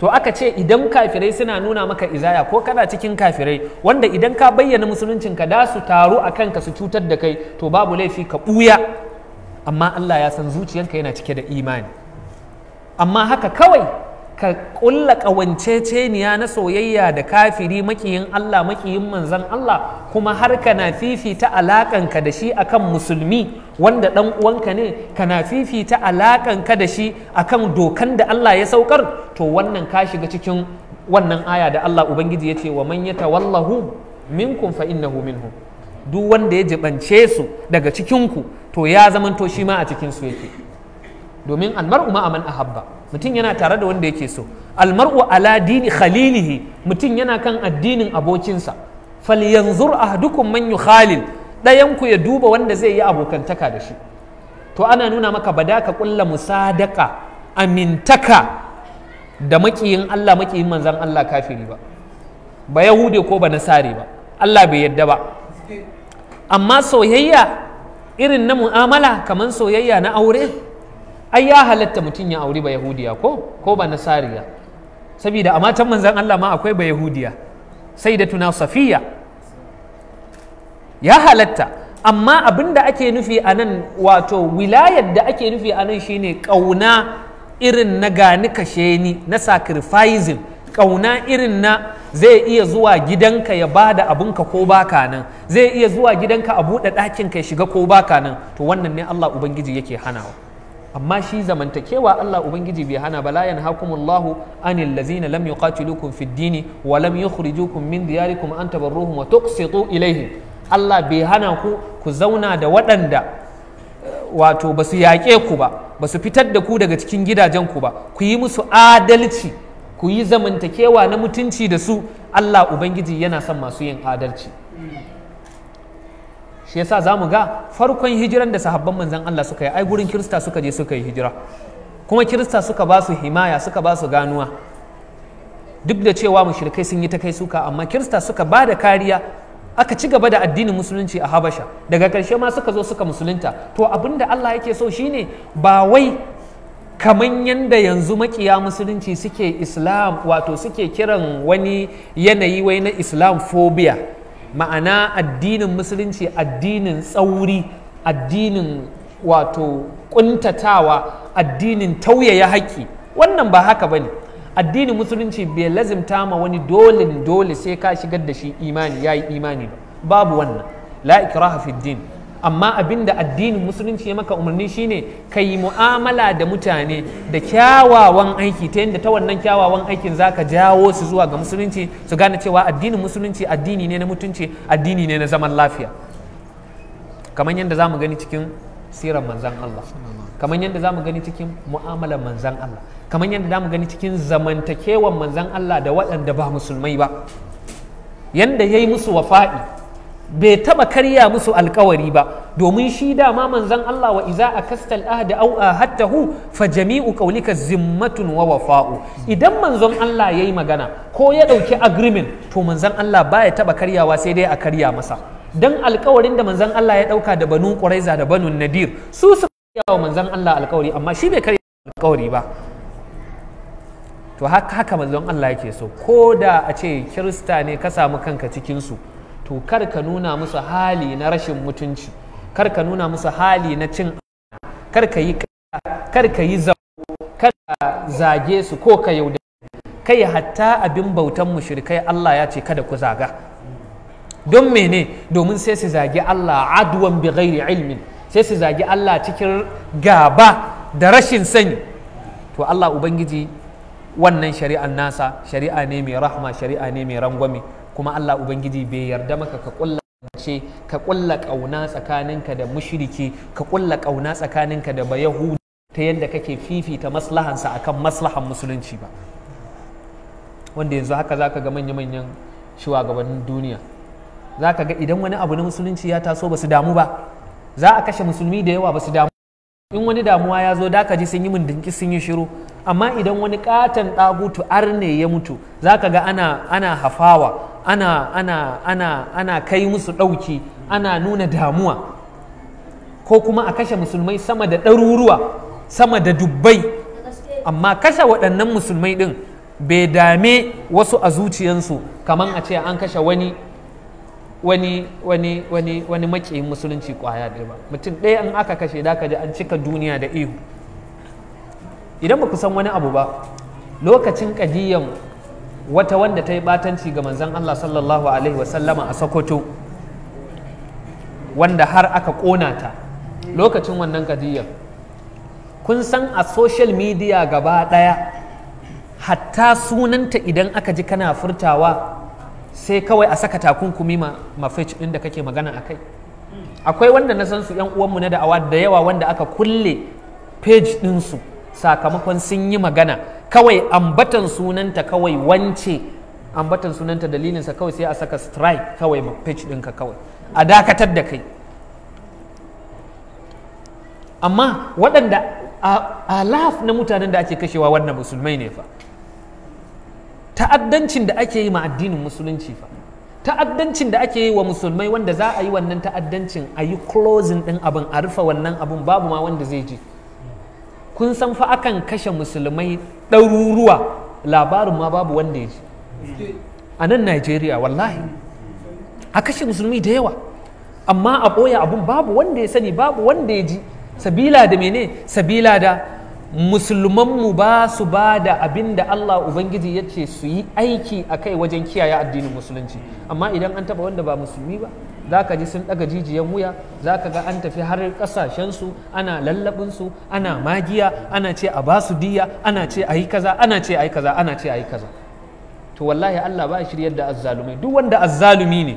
to aka ce idan kafirai suna nuna maka izaya ko kana cikin kafirai wanda idan ka bayyana musuluncinka da su taru a kanka su cutar da kai to babu laifi ka ɓuya amma Allah ya san zuciyanka yana cike da imani amma haka kawai ka ƙulla ƙawanceceniya na soyayya da kafiri makiyin Allah makiyin manzan Allah kuma har kana fifita alaƙanka da shi akan musulmi wanda ɗan uwanka ne kana fifita alaƙanka da shi akan dokan da Allah ya saukar to wannan ka shiga cikin wannan aya da Allah Ubangiji ya ce wa man yatawallahu minkum fa innahu minhum duk wanda ya jibance su daga cikin ku to ya zamanto shi ma a cikin su yake domin almar'u ma aman ahabba mutum yana tare da wanda yake so almar'u ala dini khalilihi mutum yana kan addinin abokinsa falyanzur ahdukum man yukhalil ɗayan ku ya duba wanda zai yi abokantaka da shi to ana nuna maka bada, ka kulla musadaka amintaka da makiyin Allah makiyin manzan Allah kafiri ba ba yahude ko ba Nasari ba Allah bai yadda ba amma soyayya irin na mu'amala kamar soyayya na aure ai ya halatta mutum ya auri ba yahudiya ko ko ba nasariya saboda a matan manzan Allah ma akwai ba yahudiya sai da tuna safiya ya halatta amma abin da ake nufi a nan wato wilayar da ake nufi a nan shine ƙauna irin na gani kashe ni na sacrificing ƙauna irin na zai iya zuwa gidanka ya ba da abinka ko baka nan zai iya zuwa gidanka a buɗe ɗakinka ya shiga ko baka nan to wannan ne Allah Ubangiji yake hanawa amma shi zamantakewa Allah ubangiji bai hana ba la Allahu anil ladzina lam yuqatilukum fid dini wa lam yukhrijukum min diyarikum an tabarruhum wa tuqsitu ilaihim Allah bai hana ku ku zauna da waɗanda eh, wato ba su yaƙe ku ba ba su fitar da ku daga cikin gidajen ku ba ku yi musu adalci ku yi zamantakewa na mutunci da su Allah ubangiji yana son masu yin adalci shi yasa za mu ga farkon hijiran da sahabban manzan Allah suka yi ai gurin kirista suka je suka yi hijira kuma kirista suka ba su himaya suka ba su ganuwa duk da cewa mushrikai sun yi ta kai suka amma kirista suka ba da kariya aka ci gaba da addinin musulunci a habasha daga karshe ma suka zo suka musulunta to abin da Allah yake so shine ba wai kaman yanda yanzu makiya musulunci suke islam wato suke kiran wani yanayi wai na islam phobia ma'ana addinin musulunci addinin tsauri addinin wato kuntatawa addinin tauyaya haƙƙi wannan ba haka ba ne addinin musulunci bai lazimta ma wani dole dole sai ka shigar da shi imani ya yi imani ba babu wannan la ikraha fi din amma abin da addinin musulunci ya maka umarni shine ka yi mu'amala da mutane da kyawawan aiki ta yadda ta wannan kyawawan aikin za ka jawo su zuwa ga musulunci su gane cewa addinin musulunci addini ne na mutunci addini ne na zaman lafiya kamar yadda za mu gani cikin siran manzan Allah kamar yadda za mu gani cikin mu'amalar manzan Allah kamar yadda za mu gani cikin zamantakewan manzan Allah da waɗanda ba musulmai ba yadda ya yi musu wafa'i bai taba karya musu alkawari ba domin shi dama manzon Allah wa iza a kastal ahda aw hu fa jami'u qawlika zimmatun wa wafa'u idan manzon Allah yayi magana ko ya dauki agreement to manzon Allah baya taba karyawa sai dai a karya masa dan alkawarin da manzon Allah ya dauka da banu quraiza da banu nadir su su karyawa manzon Allah alkawari amma shi bai karya alkawari ba to haka manzon Allah yake so ko da a ce kirista ne ka samu kanka cikin su to kar ka nuna musu hali na rashin mutunci kar ka nuna musu hali na cin kar ka yi kar ka yi kar ka zage su ko ka yauda kai hatta abin bautan mushrikai Allah ya ce kada ku zaga don mene domin sai su zagi Allah aduwan bi ghairi ilmin sai su zagi Allah cikin gaba da rashin sani to Allah ubangiji wannan shari'an nasa shari'a ne mai rahma shari'a ne mai rangwame kuma Allah ubangiji bai yarda maka ka kulla ce ka kulla kauna tsakaninka da mushriki ka kulla kauna tsakaninka da bayahudi ta yadda kake fifita maslahansa akan maslahan musulunci ba wanda yanzu haka zaka ga manya-manyan shugabannin duniya zaka ga idan wani abu na musulunci ya taso ba su damu ba za a kashe musulmi da yawa ba su damu in wani damuwa ya zo da ji sun yi mundinki sun yi shiru amma idan wani katon ɗagutu ne ya mutu za ka ga ana ana hafawa ana ana ana ana kai musu ɗauki ana nuna damuwa ko kuma a kashe musulmai sama da ɗaruruwa sama da dubbai amma kashe waɗannan musulmai ɗin bai dame wasu a zuciyansu kamar a ce an kashe wani wani wani wani wani makiyin musulunci kwaya ɗaya ba mutum ɗaya an aka kashe da ka ji an cika duniya da ihu idan ba ku san wani abu ba lokacin kadiyan wata wanda ta yi batanci ga manzon Allah sallallahu alaihi wasallama a Sokoto wanda har aka ƙona ta lokacin wannan kadiyan kun san a social media gaba ɗaya hatta sunanta idan aka ji kana furtawa sai kawai a saka takunkumi ma ɗin da kake magana a kai akwai wanda na san su yan uwanmu na da'awa da yawa wanda aka kulle page ɗinsu sakamakon sun yi magana kawai ambatan sunanta kawai wance ambatan sunanta dalilinsa kawai sai a saka strike kawai ma page ɗinka kawai a dakatar da kai amma waɗanda laf na mutanen da ake kashewa wannan musulmai ne fa ta'addancin da ake yi ma addinin musulunci fa ta'addancin da ake yi wa musulmai wanda za a yi wannan ta'addancin a yi closing din abin a rufe wannan abin babu ma wanda zai ji kun san fa akan kashe musulmai ɗaruruwa labarin ma babu wanda ya ji a nan najeriya wallahi a kashe musulmi da yawa amma a ɓoye abin babu wanda ya sani babu wanda ya ji sabila da mene sabila da musulmanmu ba su ba da abin da Allah Ubangiji ya ce su yi aiki a kai wajen kiyaye addinin musulunci amma idan an taba wanda ba musulmi ba za ka ji sun ɗaga jijiyan wuya za ka ga an tafi har ƙasashensu ana lallabinsu ana magiya ana ce a basu diya ana ce a yi kaza ana ce a yi kaza ana ce a yi kaza to wallahi Allah ba shiryar da azzalumai duk wanda azzalumi ne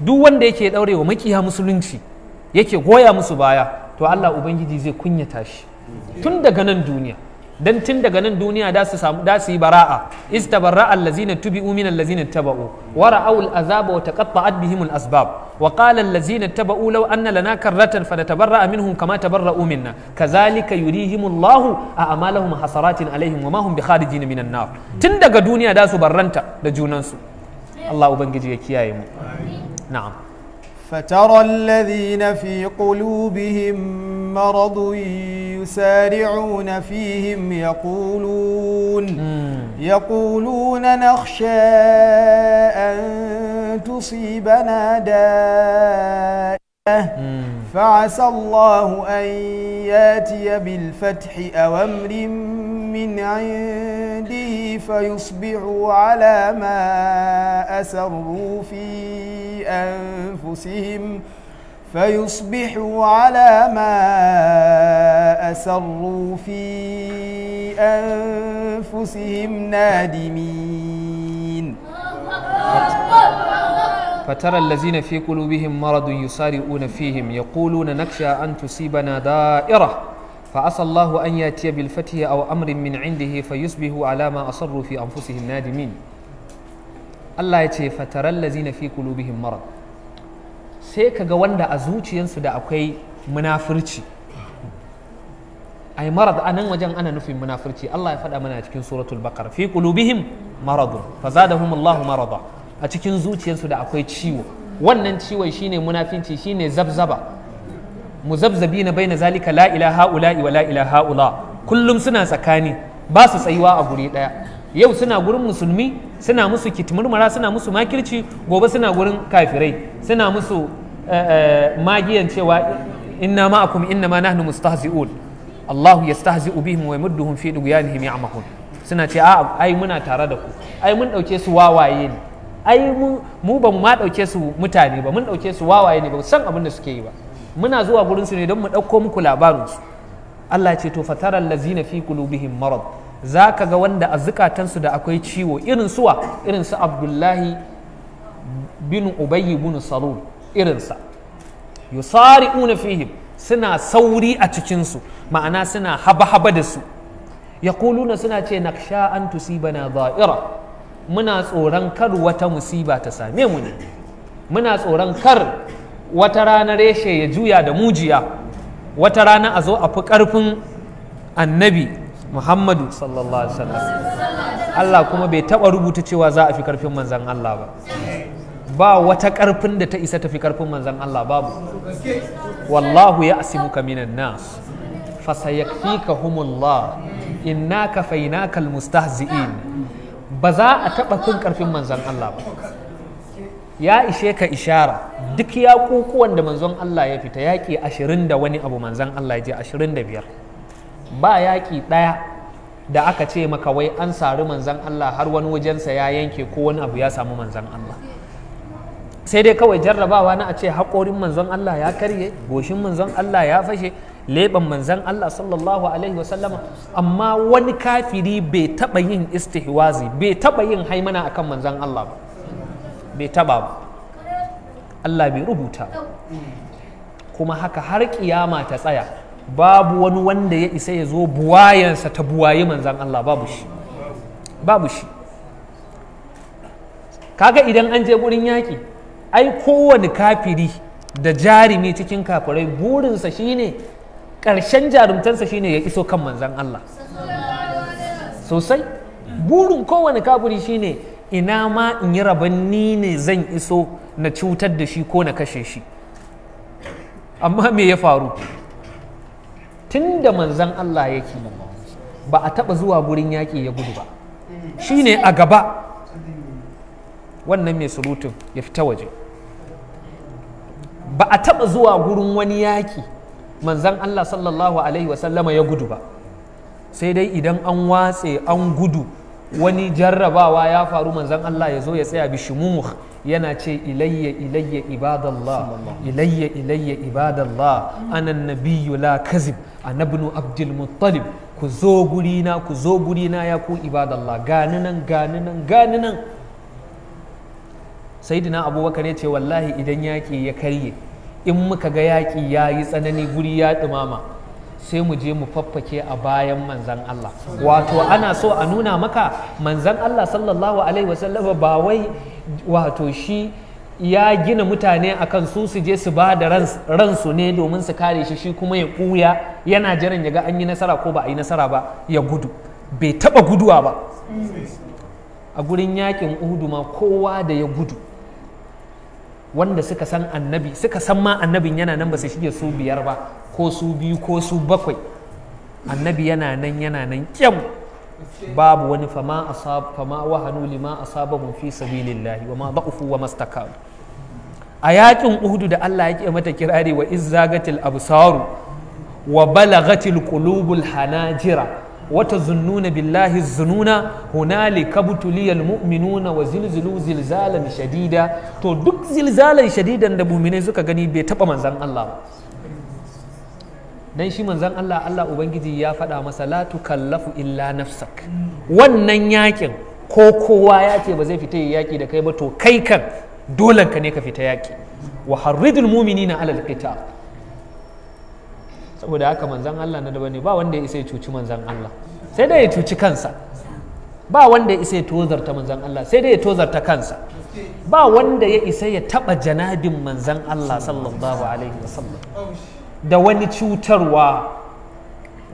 duk wanda yake ɗaurewa makiya musulunci yake goya musu baya to Allah ubangiji zai kunyata shi tun daga nan duniya dan tun daga nan duniya da su samu da su yi bara'a istabarra allazina tubi'u min allazina taba'u wa ra'aw al'azaba wa taqatta'at bihim al'asbab wa qala allazina taba'u law anna lana karratan fanatabarra'a minhum kama tabarra'u minna kadhalika yurihimullahu a'malahum hasaratin alaihim wa ma hum bikharijin minan nar tun daga duniya da su barranta da junansu Allah ubangiji ya kiyaye mu na'am فترى الذين في قلوبهم مرض يسارعون فيهم يقولون يقولون نخشى أن تصيبنا دائرة فعسى الله أن ياتي بالفتح أو أمر من عنده فيصبحوا على ما أسروا في أنفسهم فيصبحوا على ما أسروا في أنفسهم نادمين فترى الذين في قلوبهم مرض يسارعون فيهم يقولون نخشى أن تصيبنا دائرة فعسى الله أن يأتي بالفتح أو أمر من عنده فيصبحوا على ما sai ka ga wanda a zuciyansu da akwai munafurci ai marad anan wajen ana nufin munafurci Allah ya faɗa mana a cikin suratul baqara fi qulubihim marad da Allahu marada a cikin zuciyansu da akwai ciwo wannan ciwon shine munafinci shine zabzaba muzabzabina baina zalika la ilaha ula wa la ilaha ula kullum suna tsakani ba su tsayuwa a guri daya yau suna gurin musulmi suna musu kitmurmara suna musu makirci gobe suna gurin kafirai suna musu magiyan cewa inna akum inna ma nahnu mustahzi'un Allahu yastahzi'u bihim wa yamudduhum fi dughyanihim ya'mahun suna ce a ai muna tare da ku ai mun dauke su wawaye ne ai mu ba mu ma dauke su mutane ba mun dauke su wawaye ne ba san abin da suke yi ba muna zuwa gurin su ne don mu ɗauko muku labarinsu Allah ce to fataral lazina fi qulubihim marad za ka ga wanda a zukatansu da akwai ciwo irin suwa irin su abdullahi bin ubayy bin salul irinsa yusari'una fihim suna sauri a cikinsu ma'ana suna haba-haba da su yaquluna suna ce naksha an tusibana za'ira muna tsoron kar wata musiba ta same mu ne muna tsoron kar wata rana reshe ya juya da mujiya wata rana a zo a fi ƙarfin annabi muhammadu sallallahu alaihi wasallam Allah kuma bai taɓa rubuta cewa za a fi ƙarfin manzan Allah ba ba wata ƙarfin da ta isa fi ƙarfin manzan Allah babu wallahu ya asimuka minan nas humullah innaka fainakal mustahzi'in ba za a taɓa fin ƙarfin manzan Allah ba ya ishe ka ishara duk ya kukuwan da manzon Allah ya fita yaƙi ashirin da wani abu manzon Allah ya je ashirin da biyar ba yaƙi ɗaya da aka ce maka wai an sari manzon Allah har wani wajensa ya yanke ko wani abu ya samu manzon Allah sai dai kawai jarrabawa na a ce haƙorin manzon Allah ya karye goshin manzon Allah ya fashe leɓen manzon Allah sallallahu alaihi wasallama amma wani kafiri bai taɓa yin istihwazi bai taɓa yin haimana akan manzon Allah ba bai taba ba Allah bai rubuta kuma haka har kiyama ta tsaya babu wani wanda ya isa ya zo buwayensa ta buwayi manzan Allah babu shi babu shi kaga idan an je gurin yaƙi ai kowane kafiri da jarumi cikin kafirai burinsa shine ƙarshen jarumtansa shine ya iso kan manzan Allah sosai burin kowane kafiri shine ina ma in yi rabon ni ne zan iso na cutar da shi ko na kashe shi amma me ya faru tun da manzan Allah yake ba a taɓa zuwa gurin yaƙi ya gudu ba shi ne a gaba wannan mai surutun ya fita waje ba a taɓa zuwa gurin wani yaƙi manzan Allah sallallahu Alaihi wasallama ya gudu ba sai dai idan an watse an gudu wani jarrabawa ya faru manzon Allah ya zo ya tsaya bi shumukh yana ce ilayya ilayya ibadallah ilayya ilayya ibadallah ana nabiyyu la kazib ana ibn abdul muttalib ku zo gurina ku zo gurina ya ku ibadallah gani nan gani nan gani nan sayyidina abubakar ya ce wallahi idan yaki ya karye in muka ga yaki ya yi tsanani guri ya ɗumama sai mu je mu faffake a bayan manzan Allah wato ana so a nuna maka manzan Allah sallallahu alaihi wasallam ba wai wato shi ya gina mutane akan su su je su ba da ransu ne domin su kare shi shi kuma ya kuya yana jiran ya ga an yi nasara ko ba a yi nasara ba ya gudu bai taba guduwa ba a gurin yakin uhudu ma kowa da ya gudu wanda suka san annabi suka san ma annabin yana nan ba su shige su biyar ba ko su biyu ko su bakwai annabi yana nan yana nan kyam babu wani fama asab fama wahanu lima asabahum fi sabilillahi wa ma da'ufu wa mastakam a yakin uhudu da Allah ya yake mata kirari wa izzagatil absaru wa balagatil qulubul hanajira wa tazunnuna billahi zununa hunalika butuliyal mu'minuna wa zilzilu zilzalan shadida to duk zilzalan shadidan da mu'minai suka gani bai taba manzon Allah dan shi manzon Allah Allah ubangiji ya faɗa masa la tukallafu illa nafsak hmm. wannan yakin ko kowa ya ce ba zai fita yaki da kai ba to kai kan dolan ka ne ka fita yaki wa harridul mu'minina alal qital saboda haka manzan Allah na daban ne ba wanda ya isa ya cuci manzan Allah sai dai ya cuci kansa ba wanda ya isa ya tozarta manzan Allah sai dai ya tozarta kansa ba wanda ya isa ya taba janabin manzan Allah sallallahu alaihi wasallam oh, da wani cutarwa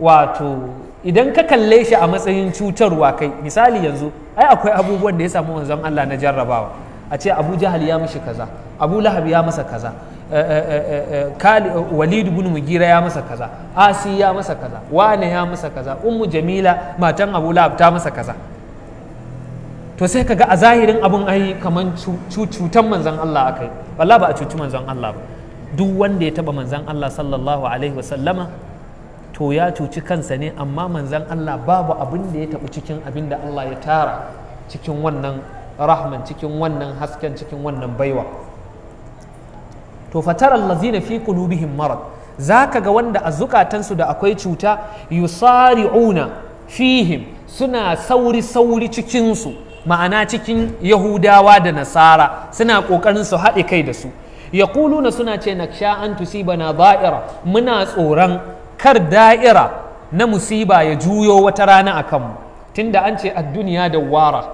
wato idan ka kalle shi a matsayin cutarwa kai misali yanzu ai akwai abubuwan da ya samu wanzan Allah na jarrabawa a ce abu jahal ya mishi kaza abu lahab ya masa kaza eh, eh, eh, walid bin mugira ya masa kaza asi ya masa kaza wane ya masa kaza ummu jamila matan abu lahab ta masa kaza to sai kaga a zahirin abun ai kaman cutan manzan Allah akai wallahi ba a cuci manzan Allah ba duk wanda ya taba manzan Allah sallallahu alaihi wasallama to ya cuci kansa ne amma manzan Allah babu abin da ya taɓi cikin abin da Allah ya tara cikin wannan rahman cikin wannan hasken cikin wannan baiwa to fataral lazina fi qulubihim marad zaka ga wanda a zukatansu da akwai cuta yusari'una fihim suna sauri sauri cikinsu ma'ana cikin yahudawa da nasara suna ƙoƙarin su haɗe kai da su kuluna suna ce na sha an tusibana da'ira muna tsoron kar da'ira na musiba ya juyo wata rana akan mu tunda an ce duniya da wara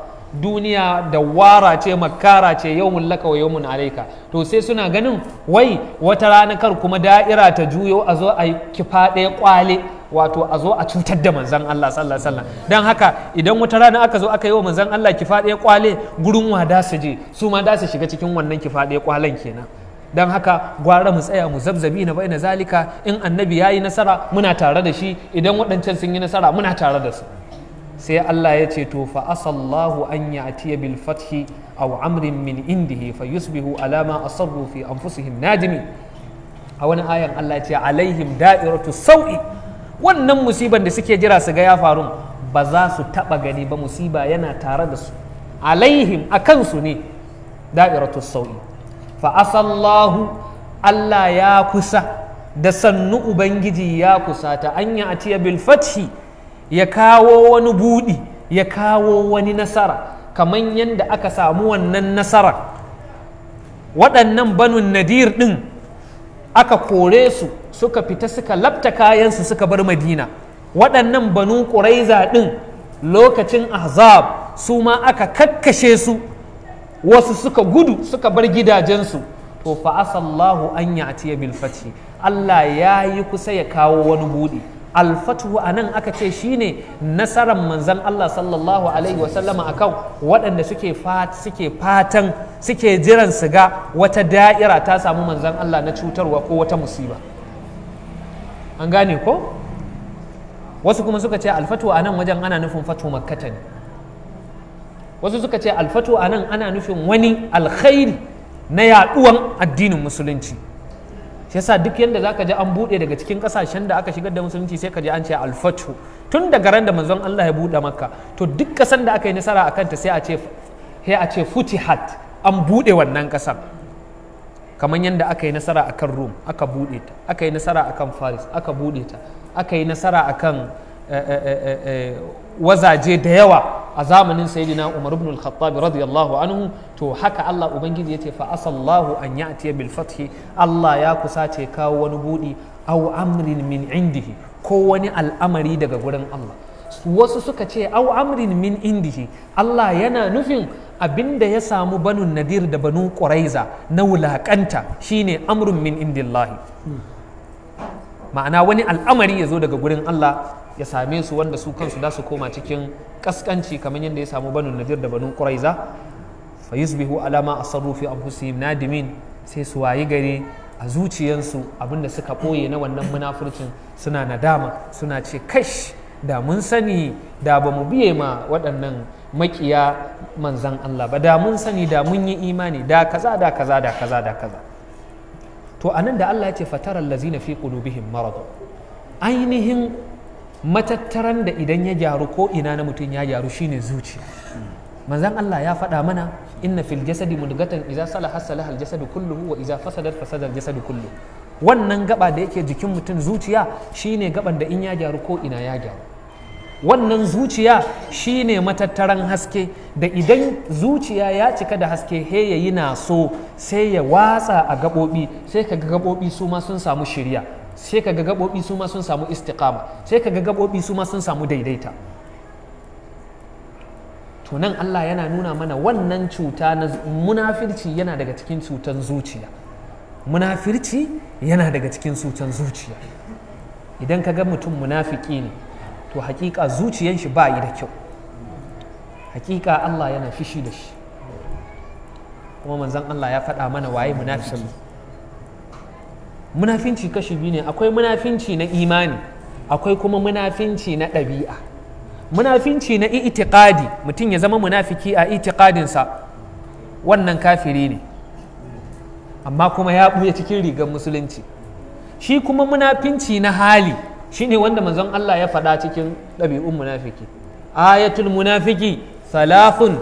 duniya da wara ce makara ce yau laka wa yau alaika to sai suna ganin wai wata rana kar kuma da'ira ta juyo a zo a kifa kwale wato a zo a cutar da manzan Allah sallallahu alaihi don haka idan wata rana aka zo aka yi wa manzan Allah kifa kwale gurin wada su je su ma da su shiga cikin wannan kifa kwalen kenan don haka gwara mu tsaya mu zabzabi na na zalika in annabi ya yi nasara muna tare da shi idan waɗancan sun yi nasara muna tare da su sai Allah ya ce to fa asallahu an ya'tiya bil fathi aw amrin min indihi fa yusbihu alama asarru fi anfusihim najimi a wani ayan Allah ya ce alaihim da'iratu sau'i wannan musiban da suke jira su ga ya faru ba za su taba gani ba musiba yana tare da su alaihim akan su ne da'iratu sau'i fa'asallahu Allah ya kusa da sannu ubangiji ya kusa ta anya a bil fathi ya kawo wani buɗi ya kawo wani nasara kamar yadda aka samu wannan nasara waɗannan banun nadir ɗin aka kore su suka fita suka labta kayansu suka bar madina waɗannan banu ƙuraiza ɗin lokacin azab su ma aka kakkashe su wasu suka gudu suka bar gidajensu to fa asallahu an ya'tiya bil Allah ya yi kusa ya kawo wani buɗi alfatuhu a nan aka ce shine nasarar manzan Allah sallallahu alaihi wasallama akan waɗanda suke suke fatan suke jiran su ga wata da'ira ta samu manzan Allah na cutarwa ko wata musiba an gane ko wasu kuma suka ce alfatuhu a nan wajen ana nufin fatu makkata ne wasu suka ce alfatu a nan ana nufin wani alkhairi na yaduwan addinin musulunci shi yasa duk yadda za ka ji an bude daga cikin kasashen da aka shigar da musulunci sai ka ji an ce alfatu tun daga ran da manzon Allah ya bude maka to duk kasan da aka yi nasara akan ta sai a ce sai a futihat an bude wannan kasan kamar yadda aka yi nasara akan Rome aka bude ta aka yi nasara akan Faris aka bude ta aka yi nasara akan eh, eh, eh, wazaje da yawa a zamanin sayyidina Umar ibn al-Khattab radiyallahu anhu to haka Allah ubangiji yace fa asallahu an ya'ti bil fathi Allah ya kusace kawo wani budi aw amrin min indihi ko wani al'amari daga gurin Allah wasu suka ce aw amrin min indihi Allah yana nufin abinda ya samu banu nadir da banu quraiza na wulakanta shine amrun min indillahi ma'ana wani al'amari ya zo daga gurin Allah ya same su wanda su kansu za su koma cikin kaskanci kamar yadda ya samu banu nadir da banu kuraiza fa yusbihu alama asarru fi anfusihim nadimin sai su wayi gari a zuciyansu abinda suka ɓoye na wannan munafurcin suna nadama suna ce kash da mun sani da ba mu biye ma waɗannan makiya manzan Allah ba da mun sani da mun yi imani da kaza da kaza da kaza da kaza to anan da Allah ya ce fataral lazina fi qulubihim marad ainihin matattaran da idan ya gyaru ko ina na mutum ya gyaru shine zuciya manzan Allah ya faɗa mana inna fil jasadi mudgatan idza salaha salaha al jasadu kulluhu wa idza fasadat fasada al jasadu kulluhu wannan gaba da yake jikin mutum zuciya shine gaban da in ya gyaru ko ina ya gyaru wannan zuciya shine matattaran haske da idan zuciya ya cika da haske he yayi na so sai ya watsa a gaɓoɓi sai ka ga gaɓoɓi su ma sun samu shirya sai ka ga gaɓoɓi su ma sun samu istiqama sai ka ga gaɓoɓi su ma sun samu daidaita to nan Allah yana nuna mana wannan cuta na munafirci yana daga cikin cutan zuciya munafirci yana daga cikin cutan zuciya idan ka ga mutum munafiki ne to hakika zuciyan shi ba yi da kyau hakika Allah yana fishi da shi kuma manzon Allah ya faɗa mana waye munafiki munafinci kashi biyu ne akwai munafinci na imani akwai kuma munafinci na ɗabi'a munafinci na itikadi mutum ya zama munafiki a itikadinsa wannan kafiri ne amma kuma ya ɓuya cikin rigar musulunci shi kuma munafinci na hali shi ne wanda manzon Allah ya faɗa cikin ɗabi'un munafiki ayatul munafiki salafun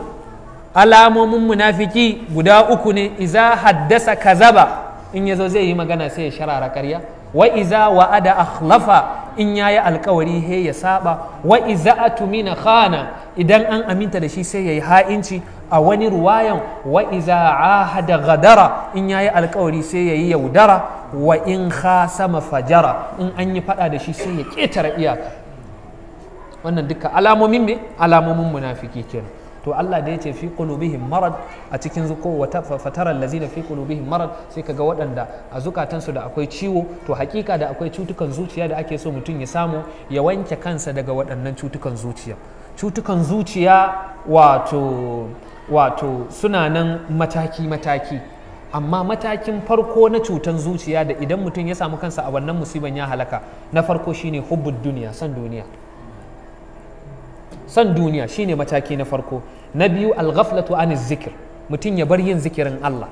alamomin munafiki guda uku ne iza haddasa kazaba in ya zo zai yi magana sai ya sharara karya wa iza wa ada akhlafa in ya yi alkawari he ya saba wa iza atumina khana idan an aminta da shi sai ya yi ha'inci a wani ruwayan wa iza ahada gadara in ya yi alkawari sai ya yi yaudara wa in sama fajara in an yi fada da shi sai ya ketara iyaka wannan duka alamomin me alamomin munafiki kenan to Allah da ya ce fi qulubihim marad a cikin zuko wata fatara allazina fi qulubihim marad sai kaga waɗanda a zukatansu da akwai ciwo to hakika da akwai cutukan zuciya da ake so mutum ya samu ya wanke kansa daga waɗannan cutukan zuciya cutukan zuciya wato suna nan mataki mataki amma matakin farko na cutan zuciya da idan mutum ya samu kansa a wannan musiban ya halaka na farko shine hubbud duniya san duniya san duniya shine mataki na farko na biyu alghaflatu an zikir mutum ya bar yin zikirin Allah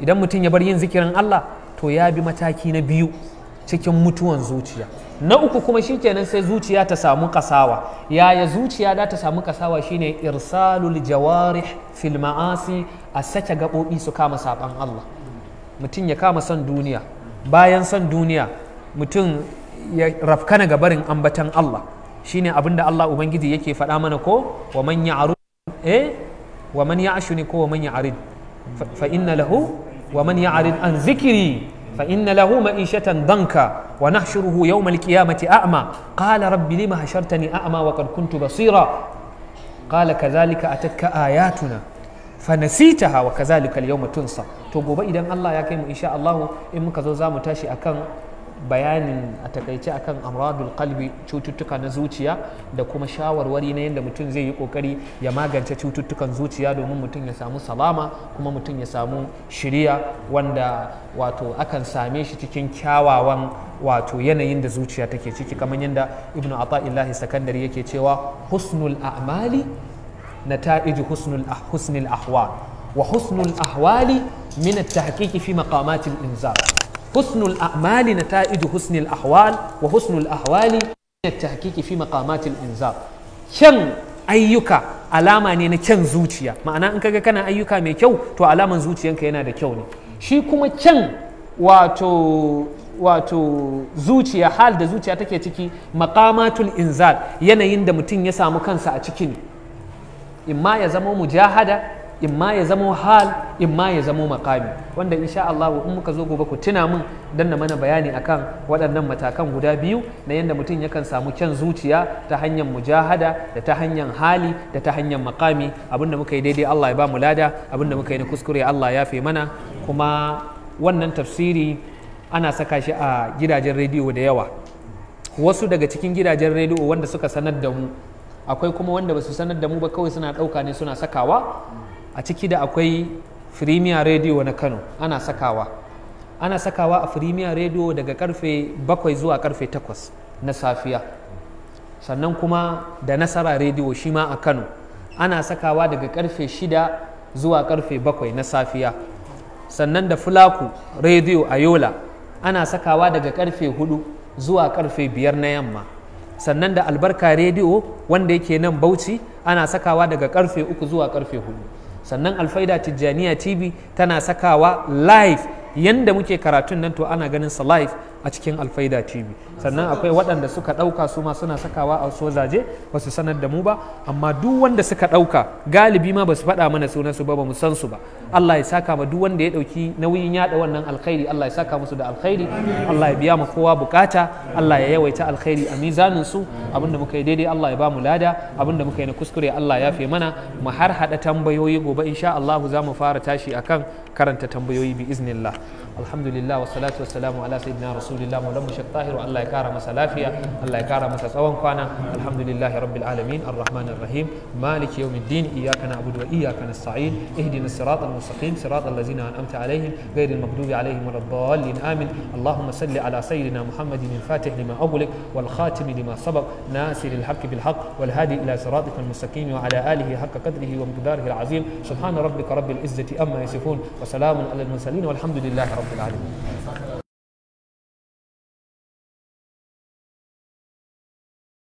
idan mutum ya bar yin zikirin Allah to ya bi mataki na biyu cikin mutuwan zuciya na uku kuma shikenan sai zuciya ta samu kasawa yaya zuciya da ta samu kasawa shine irsalul jawarih fil ma'asi a sake gaɓoɓi su kama saban Allah mutum ya kama son duniya bayan son duniya mutum ya rafkana gabarin ambatan Allah shine abinda Allah ubangiji yake faɗa mana ko wa man ya'rud eh wa man ya'shuni ko wa man ya'rid fa inna lahu wa man ya'rid an zikri fa inna lahu ma'ishatan danka wa nahshuruhu yawm al-qiyamati a'ma qala rabbi lima hashartani a'ma wa qad kuntu basira qala kadhalika atatka ayatuna fanasitaha wa kadhalika al-yawma tunsa to gobe idan Allah ya kai mu insha Allah in muka zo za mu tashi akan bayanin a takaice akan amradul qalbi cututtuka na zuciya da kuma shawarwari na yadda mutum zai yi kokari ya magance cututtukan zuciya domin mutum ya samu salama kuma mutum ya samu shiriya wanda wato akan same shi cikin kyawawan wato yanayin da zuciya take ciki kamar yadda ibnu ata'illahi sakandari yake cewa husnul a'mali nata'ij husnul ah-, husnul ahwal wa husnul ahwali min at-tahqiqi fi maqamatil inzar husnul a'mali ta'idu husnul ahwal wa husnul ahwali tahqiqi fi kyan ayyuka alama ne na kyan zuciya ma'ana in kaga kana ayyuka mai kyau to alaman zuciyanka yana da kyau ne shi kuma kyan wato wato zuciya hal da zuciya take ciki makamatul inzal yanayin da mutum ya samu kansa a cikin imma ya zama mujahada imma ya zamo hal imma ya zamo makami wanda in sha Allah in muka zo gobe ku tuna mun dan na mana bayani akan waɗannan matakan guda biyu na yanda mutum yakan samu kyan zuciya ta hanyar mujahada da ta hanyar hali da ta hanyar makami abinda muka yi daidai Allah ya ba mu lada abinda muka yi na kuskure Allah ya fi mana kuma wannan tafsiri ana saka shi a gidajen rediyo da yawa wasu daga cikin gidajen rediyo wanda suka sanar da mu akwai kuma wanda ba su sanar da mu ba kawai suna ɗauka ne suna sakawa a ciki da akwai firimiya rediyo na kano ana sakawa ana sakawa a firimiya rediyo daga karfe 7 zuwa karfe 8 na safiya sannan kuma da nasara rediyo shi ma a kano ana sakawa daga karfe 6 zuwa karfe 7 na safiya sannan da fulaku rediyo a yola ana sakawa daga karfe 4 zuwa karfe 5 na yamma sannan da albarka rediyo wanda yake nan bauchi ana sakawa daga karfe 3 zuwa karfe 4 sannan alfaida tijjaniya tv tana sakawa live yanda muke karatun nan to ana ganin sa live a cikin alfaida tv sannan akwai waɗanda suka ɗauka su ma suna sakawa a sozaje ba su sanar da mu ba amma duk wanda suka ɗauka galibi ma ba su faɗa mana sunansu ba ba mu san su ba allah ya saka ma duk wanda ya ɗauki nauyin yaɗa wannan alkhairi allah ya saka musu da alkhairi allah ya biya mu kowa bukata allah ya yawaita alkhairi a mizanin su abinda muka yi daidai allah ya ba mu lada abinda muka yi na kuskure allah ya fi mana mu har haɗa tambayoyi gobe insha allah za mu fara tashi akan karanta tambayoyi bi iznillah الحمد لله والصلاة والسلام على سيدنا رسول الله مولم شيخ طاهر والله يكرم سلافيا الله يكرم سوان كان الحمد لله رب العالمين الرحمن الرحيم مالك يوم الدين إياك نعبد وإياك نستعين اهدنا الصراط المستقيم صراط الذين أنعمت عليهم غير المغضوب عليهم ولا الضالين آمين اللهم صل على سيدنا محمد من فاتح لما أغلق والخاتم لما سبق ناصر الحق بالحق والهادي إلى صراطك المستقيم وعلى آله حق قدره ومقداره العظيم سبحان ربك رب العزة أما يصفون وسلام على المرسلين والحمد لله رب 在哪里？